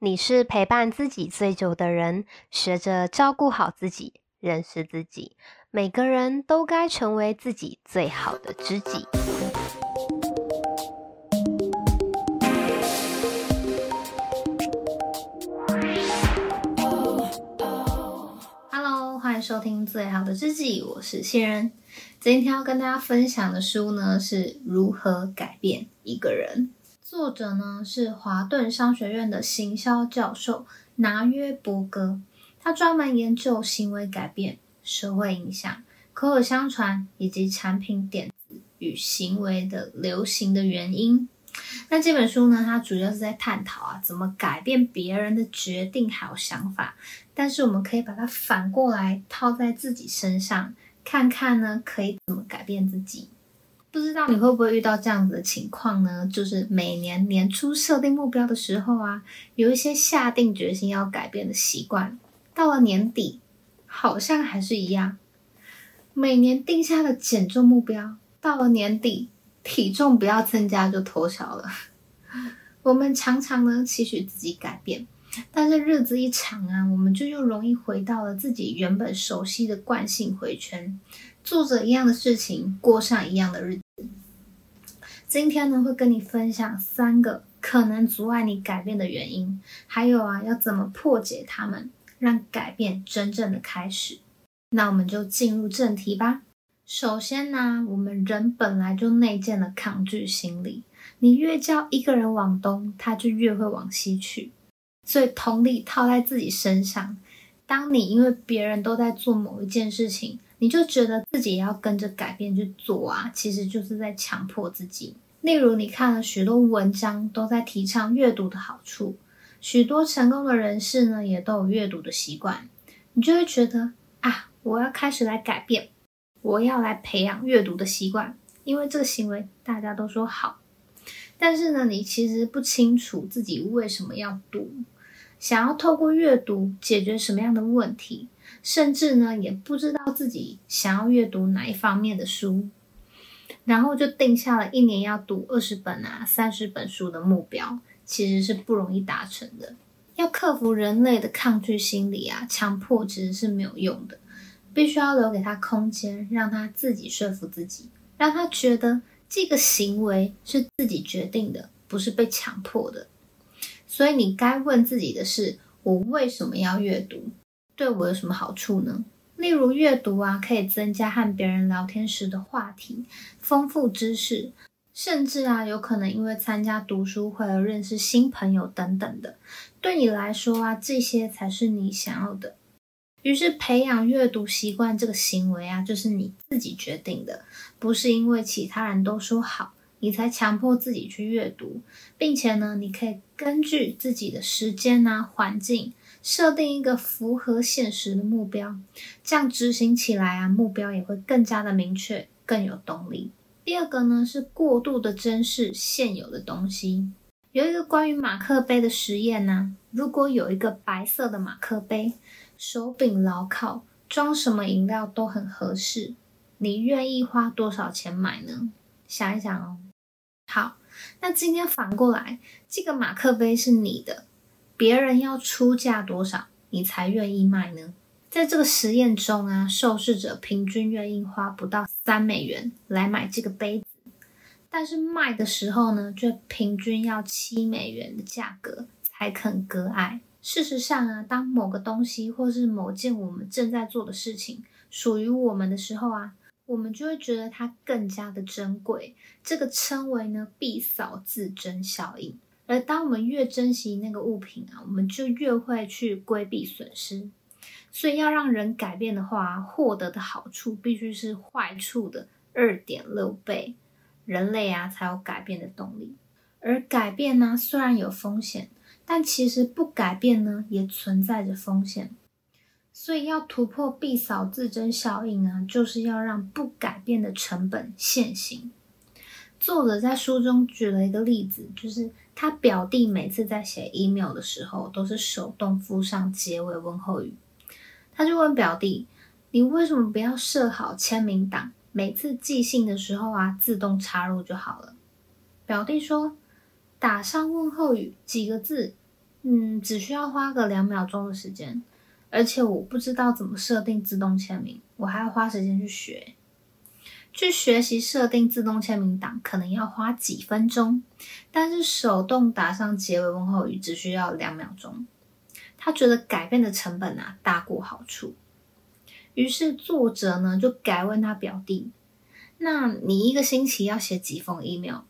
你是陪伴自己最久的人，學着照顧好自己，認識自己。每個人都該成為自己最好的知己。Hello，歡迎收聽《最好的知己》，我是新人。今天要跟大家分享的書呢，是如何改變一個人。作者呢是華頓商學院的行銷教授拿約伯格，他專門研究行為改變、社會影響、口口相傳以及產品點子與行為的流行的原因。那這本書呢，它主要是在探討啊，怎麼改變別人的決定還有想法，但是我們可以把它反過來套在自己身上，看看呢，可以怎麼改變自己。不知道你會不會遇到這樣子的情況呢？就是每年年初設定目標的時候啊，有一些下定決心要改變的習慣，到了年底好像還是一樣。每年定下的減重目標，到了年底體重不要增加就偷笑了。我們常常呢期許自己改變，但是日子一長啊，我們就又容易回到了自己原本熟悉的慣性回圈，做着一樣的事情，過上一樣的日子。今天呢，會跟你分享三個可能阻礙你改變的原因，還有啊，要怎麼破解它們，讓改變真正的開始。那我們就進入正題吧。首先呢、啊，我們人本來就內建了抗拒心理，你越叫一個人往東，他就越會往西去。所以，同理套在自己身上，當你因為別人都在做某一件事情，你就覺得自己要跟着改變去做啊，其實就是在強迫自己。例如，你看了許多文章，都在提倡閱讀的好處，許多成功的人士呢，也都有閱讀的習慣，你就會覺得啊，我要開始來改變，我要來培養閱讀的習慣，因為這個行為大家都說好。但是呢，你其實不清楚自己為什麼要讀，想要透過閱讀解決什麼樣的問題。甚至呢，也不知道自己想要閱讀哪一方面的書，然後就定下了一年要讀二十本啊、三十本書的目標，其實是不容易達成的。要克服人類的抗拒心理啊，強迫其實是沒有用的，必須要留給他空間，讓他自己說服自己，讓他覺得這個行為是自己決定的，不是被強迫的。所以你該問自己的是：我為什麼要閱讀？對我有什麼好處呢？例如閱讀啊，可以增加和別人聊天時的話題，豐富知識，甚至啊，有可能因為參加讀書會而認識新朋友等等的。對你來說啊，這些才是你想要的。於是培養閱讀習慣這個行為啊，就是你自己決定的，不是因為其他人都說好，你才強迫自己去閱讀，並且呢，你可以根據自己的時間啊、環境，設定一個符合現實的目標，這樣執行起來啊，目標也會更加的明確，更有動力。第二個呢，是過度的珍視現有的東西。有一個關於馬克杯的實驗呢，如果有一個白色的馬克杯，手柄牢靠，裝什麼飲料都很合適，你願意花多少錢買呢？想一想哦。好，那今天反過來，這個馬克杯是你的。別人要出價多少，你才願意賣呢？在這個實驗中啊，受試者平均願意花不到三美元來買這個杯子，但是賣的時候呢，就平均要七美元的價格才肯割愛。事實上啊，當某個東西或是某件我們正在做的事情屬於我們的時候啊，我們就會覺得它更加的珍貴。這個稱為呢，必掃自珍效應。而當我們越珍惜那個物品啊，我們就越會去規避損失。所以要讓人改變的話，獲得的好處必須是壞處的二點六倍，人類啊才有改變的動力。而改變呢，雖然有風險，但其實不改變呢，也存在着風險。所以要突破必掃自珍效應啊，就是要讓不改變的成本現形。作者在書中舉了一個例子，就是他表弟每次在寫 email 的時候，都是手動附上結尾問候語。他就問表弟：“你為什麼不要設好簽名檔，每次寄信的時候啊，自動插入就好了？”表弟說：“打上問候語幾個字，嗯，只需要花個兩秒鐘的時間。而且我不知道怎麼設定自動簽名，我還要花時間去學。”去學習設定自動簽名檔可能要花幾分鐘，但是手動打上結尾問候語只需要兩秒鐘。他覺得改變的成本啊大過好處，於是作者呢就改問他表弟：“那你一個星期要寫幾封 email？”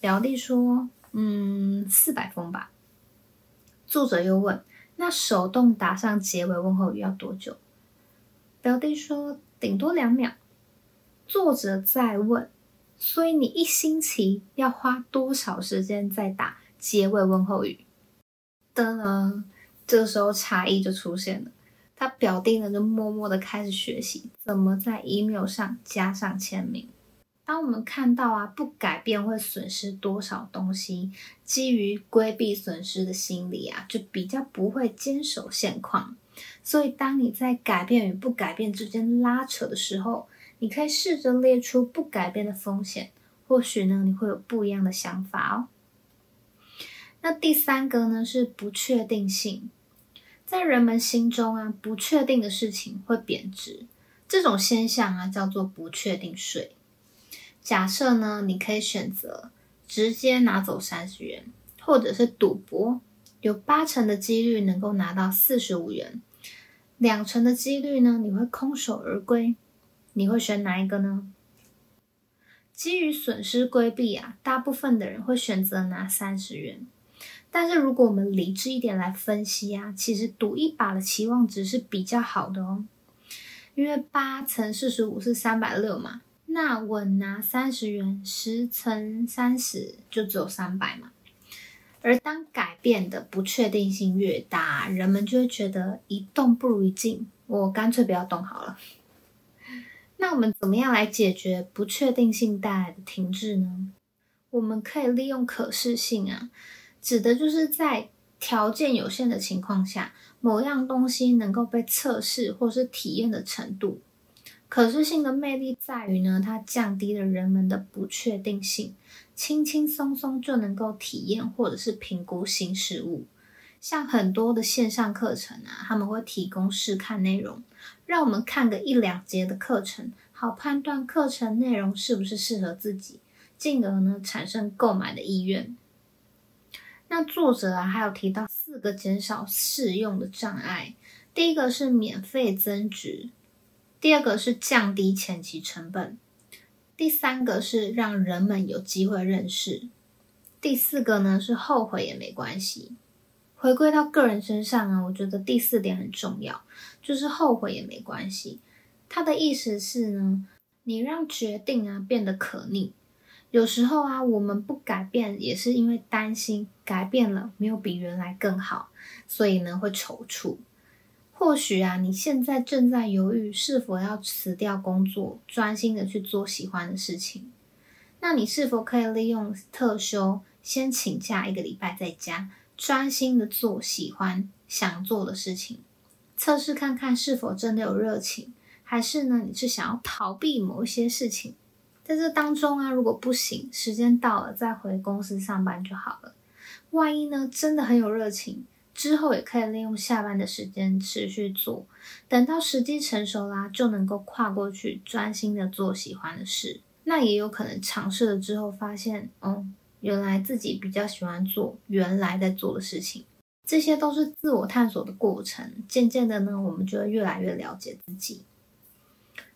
表弟說：“嗯，四百封吧。”作者又問：“那手動打上結尾問候語要多久？”表弟說：“頂多兩秒。”作者在問，所以你一星期要花多少時間在打結尾問候語？噔噔，這個時候差異就出現了。他表弟呢就默默的開始學習怎麼在 email 上加上簽名。當我們看到啊不改變會損失多少東西，基於規避損失的心理啊，就比較不會堅守現況。所以當你在改變與不改變之間拉扯的時候。你可以試着列出不改變的風險，或許呢你會有不一樣的想法哦。那第三個呢是不確定性，在人們心中啊，不確定的事情會貶值，這種現象啊叫做不確定稅。假設呢，你可以選擇直接拿走三十元，或者是賭博，有八成的幾率能夠拿到四十五元，兩成的幾率呢你會空手而歸。你會選哪一個呢？基於損失規避啊，大部分的人會選擇拿三十元。但是如果我們理智一點來分析啊，其實賭一把的期望值是比較好的哦，因為八乘四十五是三百六嘛，那我拿三十元，十乘三十就只有三百嘛。而當改變的不確定性越大，人們就會覺得一動不如一靜，我乾脆不要動好了。那我們怎麼樣來解決不確定性帶來的停滯呢？我們可以利用可試性啊，指的就是在條件有限的情況下，某樣東西能夠被測試或是體驗的程度。可試性的魅力在於呢，它降低了人們的不確定性，輕輕鬆鬆就能夠體驗或者是評估新事物。像很多的線上課程啊，他們會提供試看內容，讓我們看個一兩節的課程，好判斷課程內容是不是適合自己，進而呢產生購買的意願。那作者啊還有提到四個減少試用的障礙：第一個是免費增值，第二個是降低前期成本，第三個是讓人們有機會認識，第四個呢是後悔也沒關係。回歸到個人身上啊，我覺得第四點很重要，就是後悔也沒關係。他的意思是呢，你讓決定啊變得可逆。有時候啊，我們不改變也是因為擔心，改變了沒有比原來更好，所以呢會躊躇。或許啊，你現在正在猶豫是否要辭掉工作，專心的去做喜歡的事情。那你是否可以利用特休，先請假一個禮拜在家，專心的做喜歡想做的事情，測試看看是否真的有熱情，還是呢，你是想要逃避某一些事情，在這當中啊，如果不行，時間到了再回公司上班就好了。萬一呢，真的很有熱情，之後也可以利用下班的時間持續做，等到時機成熟啦啊，就能夠跨過去專心的做喜歡的事。那也有可能嘗試了之後發現，嗯。原來自己比較喜歡做原來在做的事情，這些都是自我探索的過程。漸漸的呢，我們就會越來越了解自己。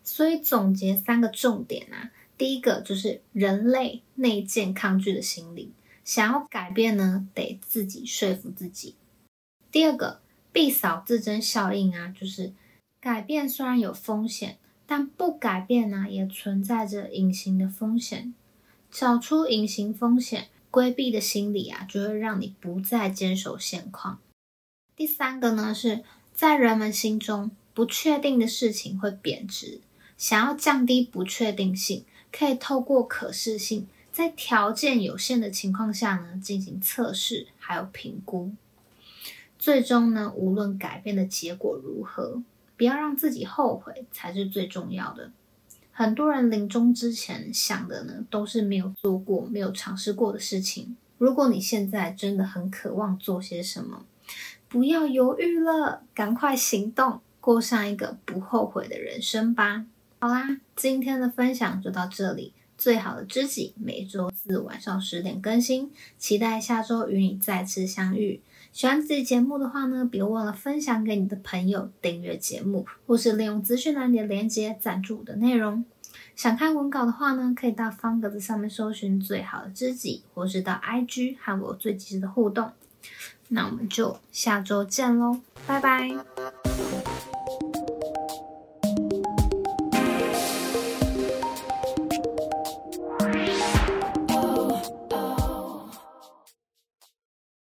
所以總結三個重點啊，第一個就是人類內建抗拒的心理，想要改變呢，得自己說服自己。第二個，必掃自珍效應啊，就是改變雖然有風險，但不改變呢，也存在着隱形的風險。找出隱形風險，規避的心理啊，就會讓你不再堅守現況。第三個呢，是在人們心中，不確定的事情會貶值。想要降低不確定性，可以透過可試性，在條件有限的情況下呢，進行測試還有評估。最終呢，無論改變的結果如何，不要讓自己後悔，才是最重要的。很多人臨終之前想的呢，都是沒有做過、沒有嘗試過的事情。如果你現在真的很渴望做些什麼，不要猶豫了，趕快行動，過上一個不後悔的人生吧。好啦，今天的分享就到這裡。最好的知己每周四晚上十點更新，期待下周與你再次相遇。喜歡自己節目的話呢，別忘了分享給你的朋友，訂閱節目，或是利用資訊欄裡的鏈接贊助我的內容。想看文稿的話呢，可以到方格子上面搜尋最好的知己，或是到 IG 和我最及時的互動。那我們就下周見嘍，拜拜。